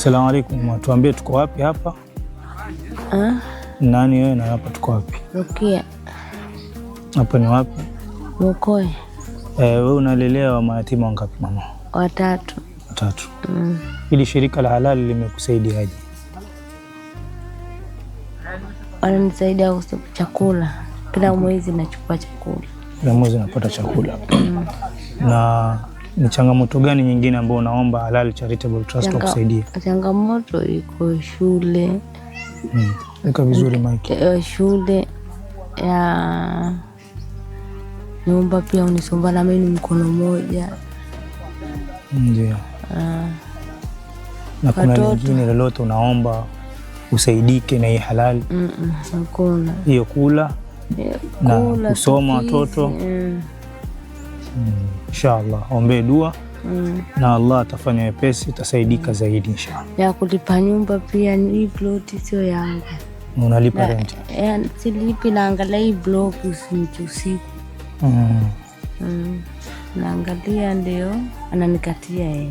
salamu alaikum, tuambie tuko wapi hapa? Ah. Nani wewe na hapa tuko wapi? Rukia. Hapa ni wapi? Mkoe. Eh, wewe unalelea wa mayatima wangapi mama? Watatu. Watatu. Mm. Ili shirika la halali limekusaidiaje? Wananisaidia chakula kila mm-hmm. mwezi, nachukua chakula kila mwezi, napata chakula mm. na ni changamoto gani nyingine ambayo unaomba Halal Charitable Trust wakusaidia? Changamoto iko shule hmm. Iko vizuri Mike, eh, shule ya nyumba pia unisomba na mimi mkono mmoja ndio. Ah. Na kuna lingine lolote unaomba usaidike na hii Halal? Hakuna. Mm -mm, hiyo kula, eh, kula na kusoma watoto mm. Mm. Inshallah mm. Ombee dua mm. na Allah atafanya wepesi, utasaidika zaidi inshallah. Ya kulipa nyumba pia, hii plot sio yangu. Unalipa rent? Silipi, naangalia hii blog usiku mm. mm. naangalia, ndio ananikatia yeye